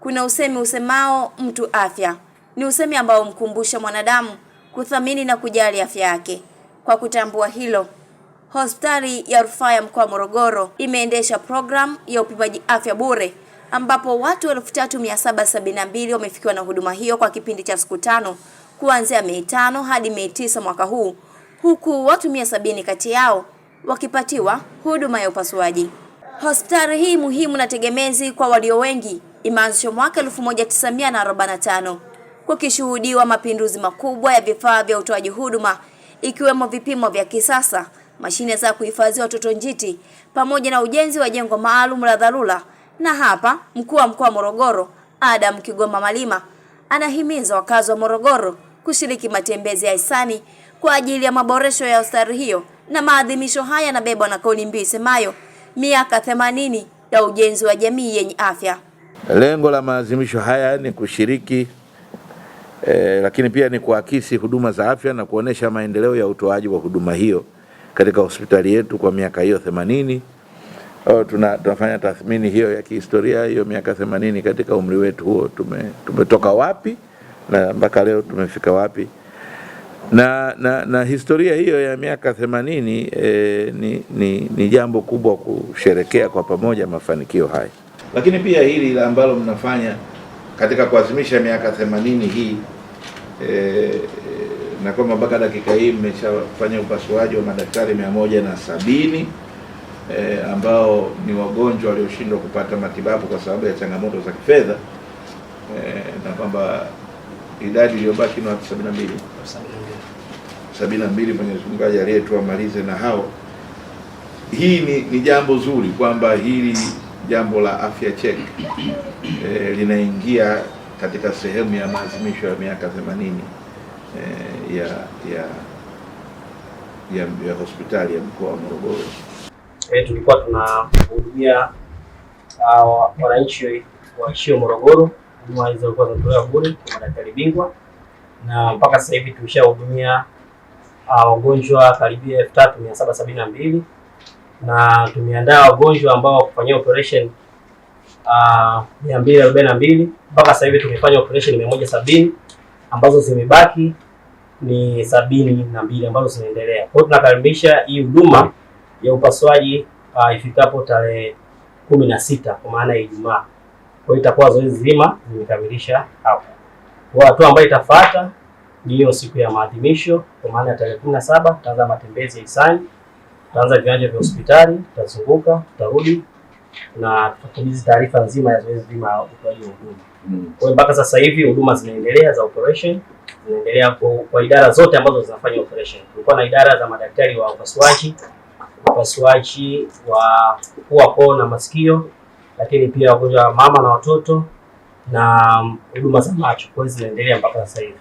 Kuna usemi usemao mtu afya, ni usemi ambao mkumbusha mwanadamu kuthamini na kujali afya yake. Kwa kutambua hilo, hospitali ya rufaa ya mkoa wa Morogoro imeendesha programu ya upimaji afya bure ambapo watu 3772 wamefikiwa na huduma hiyo kwa kipindi cha siku tano kuanzia Mei tano hadi Mei tisa mwaka huu, huku watu 170 kati yao wakipatiwa huduma ya upasuaji. Hospitali hii muhimu na tegemezi kwa walio wengi imeanzishwa mwaka 1945 kukishuhudiwa mapinduzi makubwa ya vifaa vya utoaji huduma ikiwemo vipimo vya kisasa, mashine za kuhifadhia watoto njiti, pamoja na ujenzi wa jengo maalum la dharura. Na hapa mkuu wa mkoa wa Morogoro Adam Kigoma Malima anahimiza wakazi wa Morogoro kushiriki matembezi ya hisani kwa ajili ya maboresho ya hospitali hiyo, na maadhimisho haya yanabebwa na kauli mbiu isemayo miaka 80 ya ujenzi wa jamii yenye afya. Lengo la maadhimisho haya ni kushiriki eh, lakini pia ni kuakisi huduma za afya na kuonesha maendeleo ya utoaji wa huduma hiyo katika hospitali yetu kwa miaka hiyo themanini. Oh, tuna, tunafanya tathmini hiyo ya kihistoria hiyo miaka themanini katika umri wetu huo tume, tumetoka wapi na mpaka leo tumefika wapi na, na, na historia hiyo ya miaka themanini eh, ni, ni, ni jambo kubwa kusherekea kwa pamoja mafanikio haya. Lakini pia hili ambalo mnafanya katika kuadhimisha miaka themanini hii e, na kwamba mpaka dakika hii mmeshafanya upasuaji wa madaktari mia moja na sabini e, ambao ni wagonjwa walioshindwa kupata matibabu kwa sababu ya changamoto za kifedha e, na kwamba idadi iliyobaki ni watu sabini na mbili sabini na mbili Mwenyezi Mungu ajalie na hao. Hii ni, ni jambo zuri kwamba hili jambo la afya check e, linaingia katika sehemu ya maadhimisho ya miaka 80 e, eh, ya, ya ya, ya hospitali ya mkoa wa Morogoro. E, tulikuwa tunahudumia ah, wananchi waishio Morogoro, huduma hizo zilikuwa zinatolewa bure kwa madaktari bingwa, na mpaka sasa hivi tumeshahudumia ah, wagonjwa karibia elfu tatu mia saba sabini na mbili na tumeandaa wagonjwa ambao wakufanyia operation ah, mia mbili arobaini na mbili mpaka sasa hivi tumefanya operation mia moja sabini ambazo zimebaki ni sabini na mbili ambazo zinaendelea. Kwa hiyo tunakaribisha hii huduma ya upasuaji uh, ifikapo tarehe kumi na sita kwa maana ya Ijumaa. Kwa hiyo itakuwa zoezi zima zimekamilisha hapo. Hatua ambayo itafuata ni hiyo siku ya maadhimisho kwa maana ya tarehe kumi na saba tutaanza matembezi ya hisani tutaanza viwanja vya hospitali, tutazunguka, tutarudi na tutakabidhi taarifa nzima ya zoezi zima la utoaji wa huduma. Hmm. Kwa hiyo mpaka sasa hivi huduma zinaendelea za operation zinaendelea kwa, kwa idara zote ambazo zinafanya operation. Kulikuwa na idara za madaktari wa upasuaji, upasuaji wa pua, koo na masikio, lakini pia wagonjwa wa mama na watoto na mm, huduma za macho. Kwa hiyo zinaendelea mpaka sasa hivi.